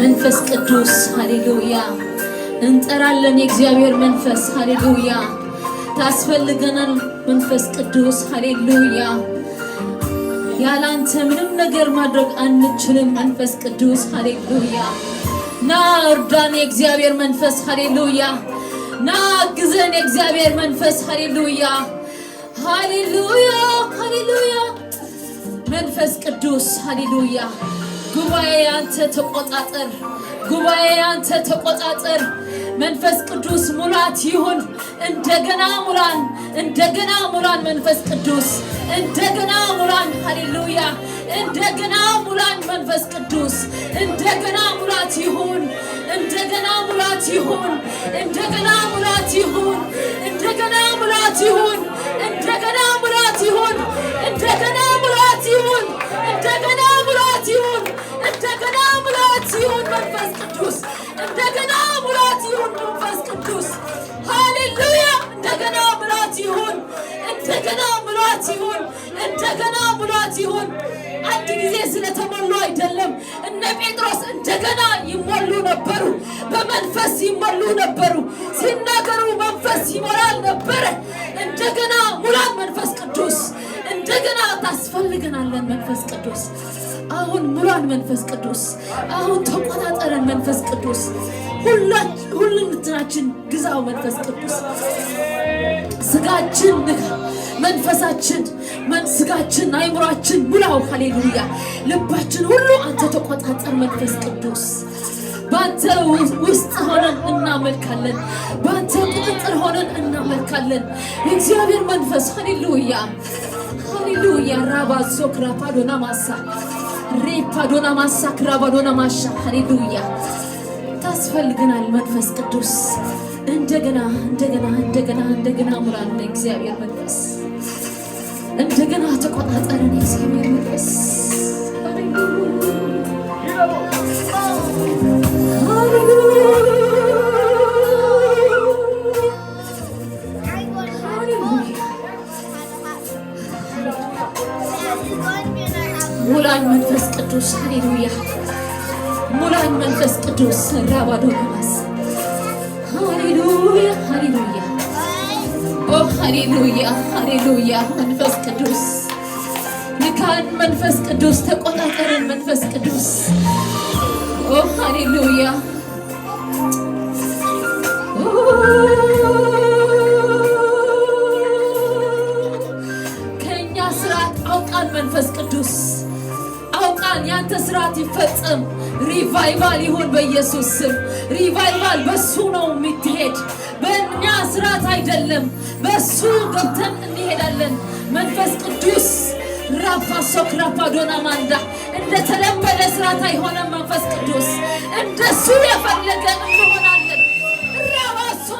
መንፈስ ቅዱስ ሃሌሉያ እንጠራለን። የእግዚአብሔር መንፈስ ሃሌሉያ ታስፈልገናል። መንፈስ ቅዱስ ሃሌሉያ ያላንተ ምንም ነገር ማድረግ አንችልም። መንፈስ ቅዱስ ሃሌሉያ ና እርዳን፣ የእግዚአብሔር መንፈስ ሃሌሉያ ና ግዘን፣ የእግዚአብሔር መንፈስ ሃሌሉያ ሃሌሉያ ሃሌሉያ መንፈስ ቅዱስ ሃሌሉያ ጉባኤ ተቆጣጠር፣ ጉባኤ ተቆጣጠር። መንፈስ ቅዱስ ሙላት ይሁን። እንደገና ሙላን፣ እንደገና ሙላን። መንፈስ ቅዱስ እንደገና ሙላን። ሃሌሉያ! እንደገና ሙላን። መንፈስ ቅዱስ እንደገና ሙላት ይሁን። እንደገና ሙላት ይሁን። እንደገና ሙላት ይሁን። እንደገና ሙላት ይሁን። እንደገና ሙላት ይሁን። እንደገና መንፈስ ቅዱስ እንደገና ሙላት ይሁን። መንፈስ ቅዱስ ሃሌሉያ። እንደገና ሙላት ይሁን። እንደገና ሙላት ይሁን። እንደገና ሙላት ይሁን። አንድ ጊዜ ስለተሞሉ አይደለም። እነ ጴጥሮስ እንደገና ይሞሉ ነበሩ። በመንፈስ ይሞሉ ነበሩ። ሲናገሩ መንፈስ ይሞላል ነበረ። እንደገና ሙላት መንፈስ ቅዱስ። እንደገና ታስፈልገናለን መንፈስ ቅዱስ አሁን ምራን መንፈስ ቅዱስ አሁን ተቆጣጠረን መንፈስ ቅዱስ ሁልንትናችን ግዛው መንፈስ ቅዱስ ስጋችን ንካ መንፈሳችን ስጋችን አይምሯችን ሙላው ሃሌሉያ ልባችን ሁሉ አንተ ተቆጣጠር መንፈስ ቅዱስ በአንተ ውስጥ ሆነን እናመልካለን በአንተ ቁጥጥር ሆነን እናመልካለን እግዚአብሔር መንፈስ ሃሌሉያ ሃሌሉያ ራባ ዞክራ ፓዶና ማሳ ሪፓዶና ማሳክራባዶና ማሻ ሃሌሉያ ታስፈልገናል። መንፈስ ቅዱስ እንደገና እንደገና እንደገና እንደገና ሙላን እግዚአብሔር መንፈስ እንደገና ተቆጣጠረን እግዚአብሔር መንፈስ ሙላን ኢየሱስ ሃሌሉያ። ሙላን መንፈስ ቅዱስ ራባዶ ማስ ሃሌሉያ ሃሌሉያ ኦ ሃሌሉያ ሃሌሉያ መንፈስ ቅዱስ ንካን መንፈስ ቅዱስ ተቆጣጠረን መንፈስ ቅዱስ ኦ ሃሌሉያ ከእኛ ስርዓት አውጣን መንፈስ ቅዱስ ሰይጣን ያንተ ስርዓት ይፈጸም። ሪቫይቫል ይሁን በኢየሱስ ስም። ሪቫይቫል በሱ ነው የምትሄድ፣ በእኛ ስርዓት አይደለም። በሱ ገብተን እንሄዳለን። መንፈስ ቅዱስ ራፋ ሶክ ራፋ ዶና ማንዳ እንደተለመደ ስርዓት አይሆነም። መንፈስ ቅዱስ እንደሱ የፈለገ እንሆናለን። ራባሶ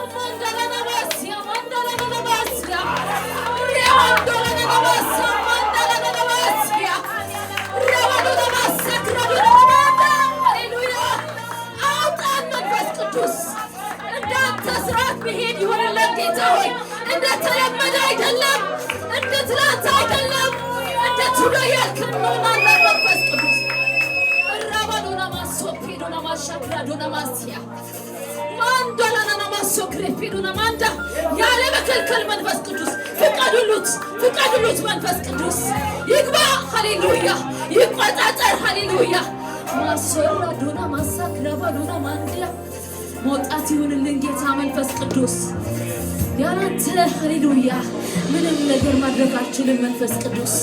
ቤት መሄድ ይሆንልን ጌታ ሆይ። እንደተለመደ አይደለም፣ እንደ ትናንት አይደለም፣ እንደ ቱሎ ያልክኖናለ መንፈስ ቅዱስ እራባዶና ማሶፔዶና ማሻክራዶና ማስያ ማንዶላናና ማሶክሬፔዶና ማንዳ ያለ መከልከል መንፈስ ቅዱስ ፍቀዱሉት፣ ፍቀዱሉት መንፈስ ቅዱስ ይግባ። ሃሌሉያ ይቆጣጠር። ሃሌሉያ ማሶራዶና ማሳክራባዶና ማንዲያ መውጣት ይሁንልን ጌታ መንፈስ ቅዱስ። ያላንተ ሃሌሉያ ምንም ነገር ማድረግ አልችልም። መንፈስ ቅዱስ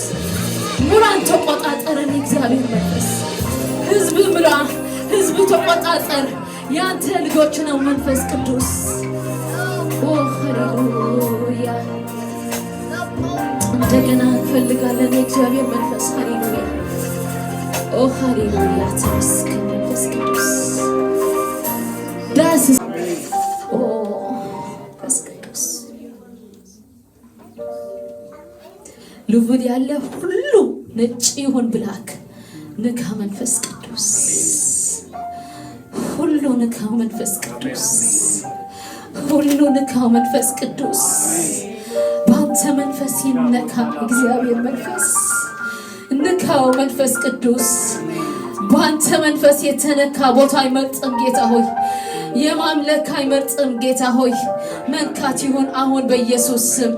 ሙላን ተቆጣጠረን። እግዚአብሔር መንፈስ ህዝብ ምላ፣ ህዝብ ተቆጣጠር። ያንተ ልጆች ነው መንፈስ ቅዱስ። ኦ እንደገና እንፈልጋለን የእግዚአብሔር መንፈስ ሃሌሉያ ኦ ሃሌሉያ ተመስገን መንፈስ ቅዱስ ዳስ ልውድ ያለ ሁሉ ነጭ ይሁን ብላክ ንካ መንፈስ ቅዱስ ሁሉ ንካ መንፈስ ቅዱስ ሁሉ ንካ መንፈስ ቅዱስ በአንተ መንፈስ ይነካ እግዚአብሔር መንፈስ ንካው መንፈስ ቅዱስ በአንተ መንፈስ የተነካ ቦታ አይመርጥም ጌታ ሆይ የማምለክ አይመርጥም። ጌታ ሆይ መንካት ይሁን አሁን በኢየሱስ ስም።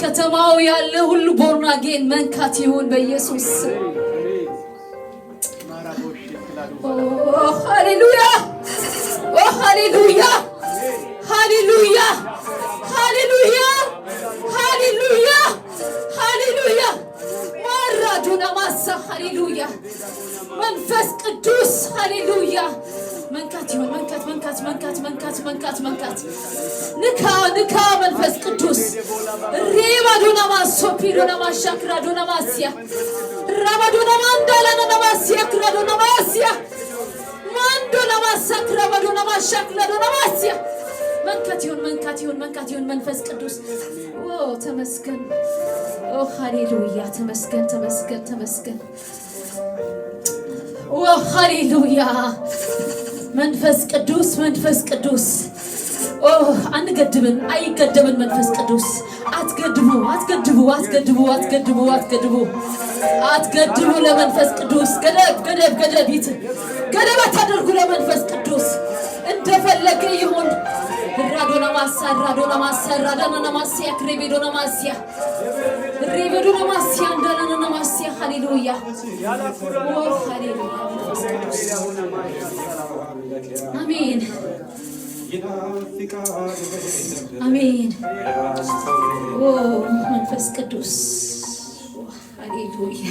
ከተማው ያለ ሁሉ ቦርናጌን መንካት ይሁን በኢየሱስ ስም። ሃሌሉያ ሃሌሉያ ሃሌሉያ ሃሌሉያ ሃሌሉያ ሃሌሉያ ማራዱና ማሳ ሃሌሉያ መንፈስ ቅዱስ ሃሌሉያ መንካት ይሁን መንካት መንካት መንካት መንካት መንካት መንካት ንካ ንካ መንፈስ ቅዱስ ሬባ ዶና ማሶፒ ዶና ማሻክራ ዶና ማስያ ራባ ዶና ማንዳላ ዶና ማስያ ክራ ዶና ማስያ ማንዶ ለማሳክራ ባዶና ማሻክራ ዶና ማስያ መንካት ይሁን መንካት ይሁን መንካት ይሁን መንፈስ ቅዱስ ኦ ተመስገን ኦ ሃሌሉያ ተመስገን ተመስገን ተመስገን ኦ ሃሌሉያ መንፈስ ቅዱስ መንፈስ ቅዱስ ኦ አንገድብን፣ አይገደብን። መንፈስ ቅዱስ አትገድቡ፣ አትገድቡ፣ አትገድቡ፣ አትገድቡ፣ አትገድቡ፣ አትገድቡ። ለመንፈስ ቅዱስ ገደብ፣ ገደብ፣ ገደብ ይት ገደብ አታደርጉ። ለመንፈስ ቅዱስ እንደፈለገ ይሁን። ራዶና ማሳ ራዶና ማሳ ራዳና ማሲያ ክሬቤዶና ማሲያ ሬቤዶና ማሲያ እንዳናና ማሲያ ሃሌሉያ ሃሌሉያ አሜን። መንፈስ ቅዱስ ሃሌሉያ።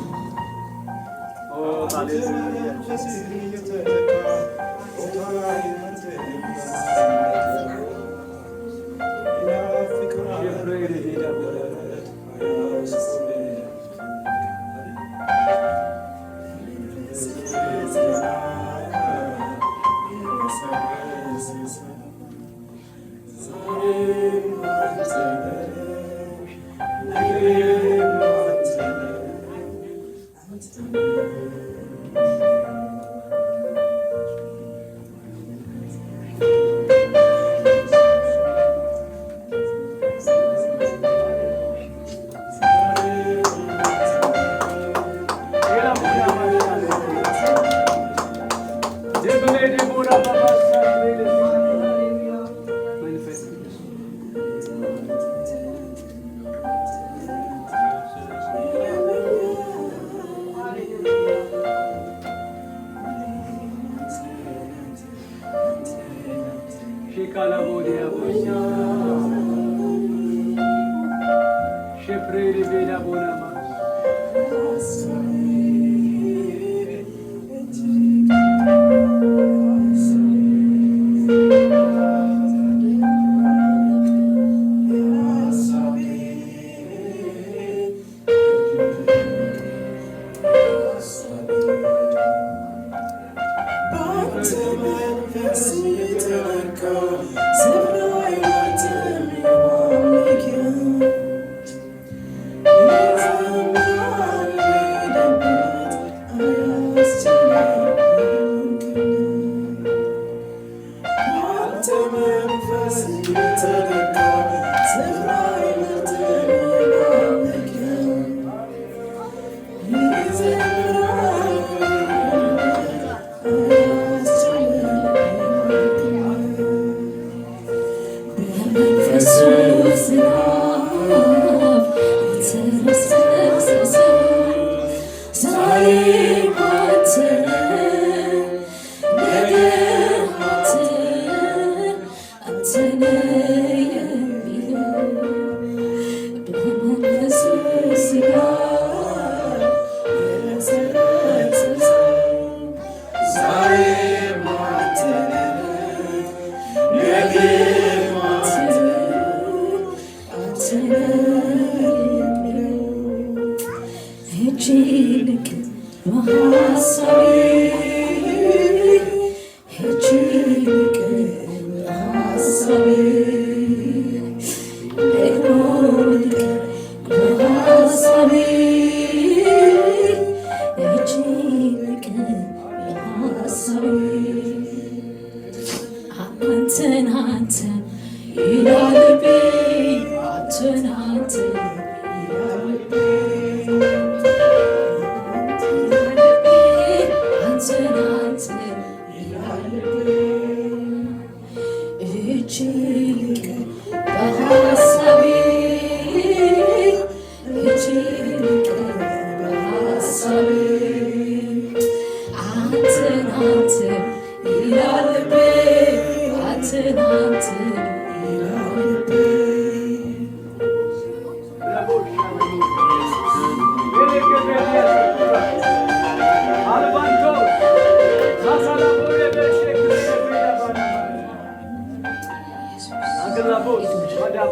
Adalet. Rei, Rei, Rei, Chile. Hallelujah.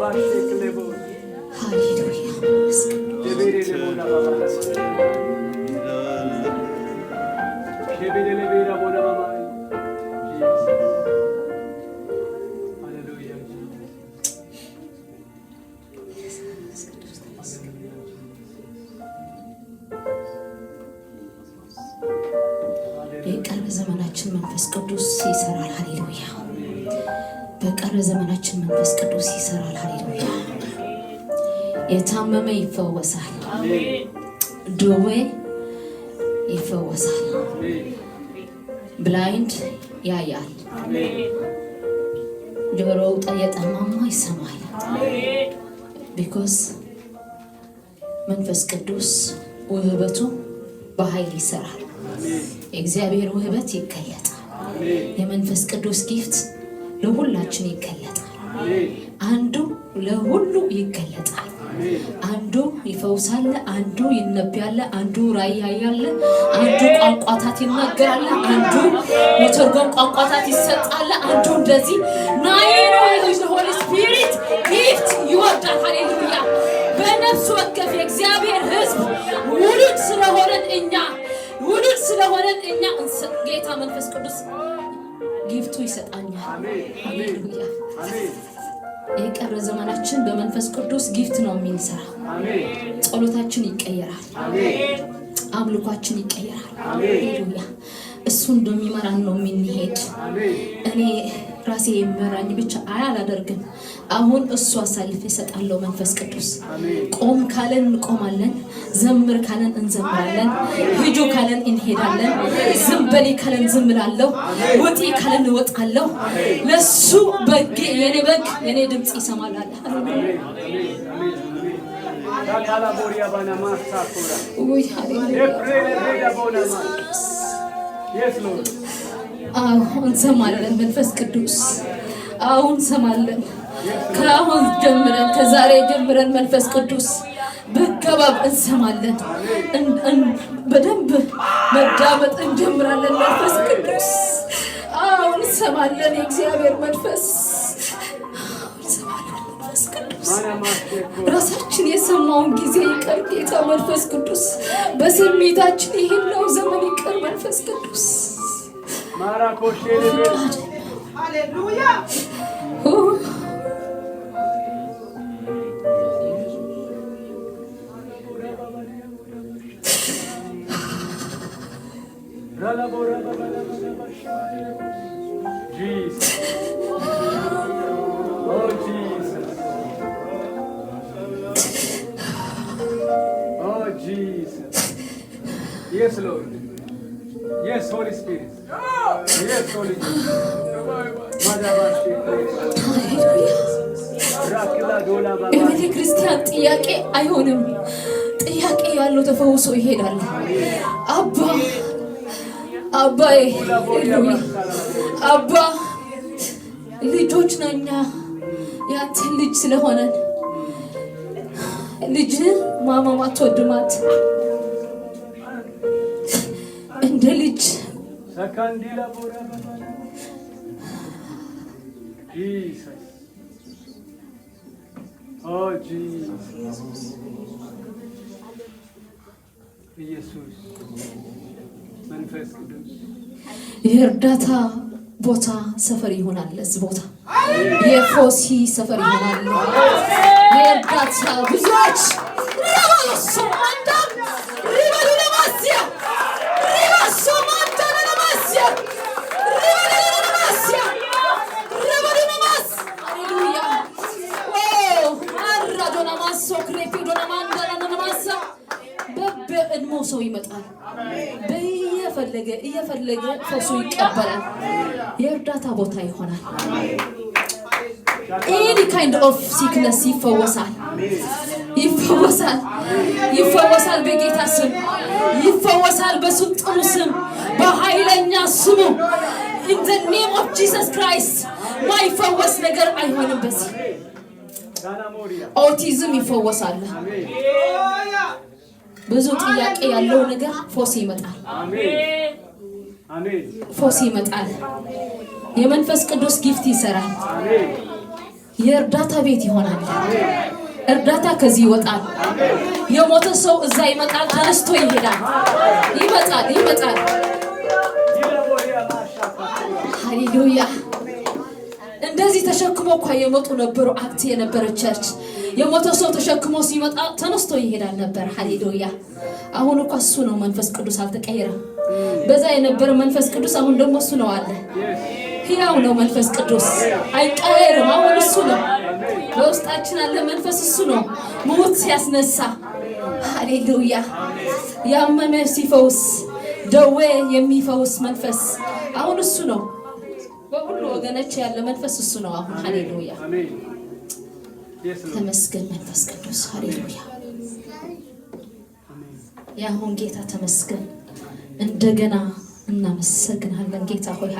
የታመመ ይፈወሳል፣ ድዌ ይፈወሳል፣ ብላይንድ ያያል፣ ጆሮ የጠማማ ይሰማል። ቢኮዝ መንፈስ ቅዱስ ውህበቱ በኃይል ይሰራል። የእግዚአብሔር ውህበት ይገለጣል። የመንፈስ ቅዱስ ጊፍት ለሁላችን ይገለጣል። አንዱ ለሁሉ ይገለጣል። አንዱ ይፈውሳል፣ አንዱ ይነብያል፣ አንዱ ራእይ ያያል፣ አንዱ ቋንቋታት ይናገራል፣ አንዱ መተርጎም ቋንቋታት ይሰጣል፣ አንዱ እንደዚህ ናይ ሆሊ ስፒሪት ጊፍት ይወርዳል። ሃሌሉያ! በነፍስ ወከፍ የእግዚአብሔር ሕዝብ ውሉድ ስለሆነን እኛ ውሉድ ስለሆነን እኛ ጌታ መንፈስ ቅዱስ ጊፍቱ ይሰጣኛል። ሃሌሉያ! የቀብረ ዘመናችን በመንፈስ ቅዱስ ጊፍት ነው የምንሰራው። ጸሎታችን ይቀየራል። አምልኳችን ይቀየራል። ሄሉያ እሱ እንደሚመራን ነው የምንሄድ እኔ ራሴ የሚመራኝ ብቻ አይ አላደርግም። አሁን እሱ አሳልፍ ይሰጣለው። መንፈስ ቅዱስ ቆም ካለን እንቆማለን፣ ዘምር ካለን እንዘምራለን፣ ሂዱ ካለን እንሄዳለን፣ ዝም በሌ ካለን ዝም ወጢ ካለን እወጣለሁ። ለሱ በግ የኔ በግ የኔ ድምፅ ይሰማላል። አለ። አሜን አሁን እንሰማለን። መንፈስ ቅዱስ አሁን እንሰማለን። ከአሁን ጀምረን ከዛሬ ጀምረን መንፈስ ቅዱስ በከባብ እንሰማለን። በደንብ መዳመጥ እንጀምራለን። መንፈስ ቅዱስ አሁን እንሰማለን። የእግዚአብሔር መንፈስ ራሳችን የሰማውን ጊዜ ይቅር ጌታ መንፈስ ቅዱስ በስሜታችን ይህን ነው ዘመን ይቅር መንፈስ ቅዱስ Mara koş Haleluya. የቤተ ክርስቲያን ጥያቄ አይሆንም። ጥያቄ ያለው ተፈውሶ ይሄዳል። አባ አባዬ አባ ልጆች ነኛ ያንተን ልጅ ስለሆነን ልጅ ማማማት ወድማት እንደ ልጅ Oh, Jesus. ኢየሱስ መንፈስ ቅዱስ የእርዳታ ቦታ ሰፈር ይሆናል። እዚህ ቦታ የፎሲ ሰፈር ይሆናል። የእርዳታ ብዙዎች እድሜው ሰው ይመጣል። በየፈለገ እየፈለገ ፈሱ ይቀበላል። የእርዳታ ቦታ ይሆናል። ኤኒ ካይንድ ኦፍ ሲክነስ ይፈወሳል፣ ይፈወሳል፣ ይፈወሳል። በጌታ ስም ይፈወሳል። በሱ በስልጣኑ ስም፣ በኃይለኛ ስሙ ኢን ዘ ኔም ኦፍ ጂሰስ ክራይስት ማይፈወስ ነገር አይሆንም። በዚህ ኦቲዝም ይፈወሳል። ብዙ ጥያቄ ያለው ነገር ፎስ ይመጣል፣ ፎስ ይመጣል። የመንፈስ ቅዱስ ጊፍት ይሰራል። የእርዳታ ቤት ይሆናል። እርዳታ ከዚህ ይወጣል። የሞተ ሰው እዛ ይመጣል፣ ተነስቶ ይሄዳል። ይመጣል፣ ይመጣል። ሃሌሉያ እንደዚህ ተሸክሞ እኳ የመጡ ነበሩ። አክት የነበረ ቸርች የሞተ ሰው ተሸክሞ ሲመጣ ተነስቶ ይሄዳል ነበር። ሀሌሉያ አሁን እኳ እሱ ነው። መንፈስ ቅዱስ አልተቀየረም። በዛ የነበረ መንፈስ ቅዱስ አሁን ደግሞ እሱ ነው አለ። ያው ነው መንፈስ ቅዱስ አይቀየርም። አሁን እሱ ነው በውስጣችን አለ። መንፈስ እሱ ነው ሙት ሲያስነሳ። ሀሌሉያ ያመመ ሲፈውስ፣ ደዌ የሚፈውስ መንፈስ አሁን እሱ ነው። በሁሉ ወገኖች ያለ መንፈስ እሱ ነው። አሁን ሀሌሉያ ተመስገን መንፈስ ቅዱስ ሀሌሉያ። የአሁን ጌታ ተመስገን። እንደገና እናመሰግናለን ጌታ ሆይ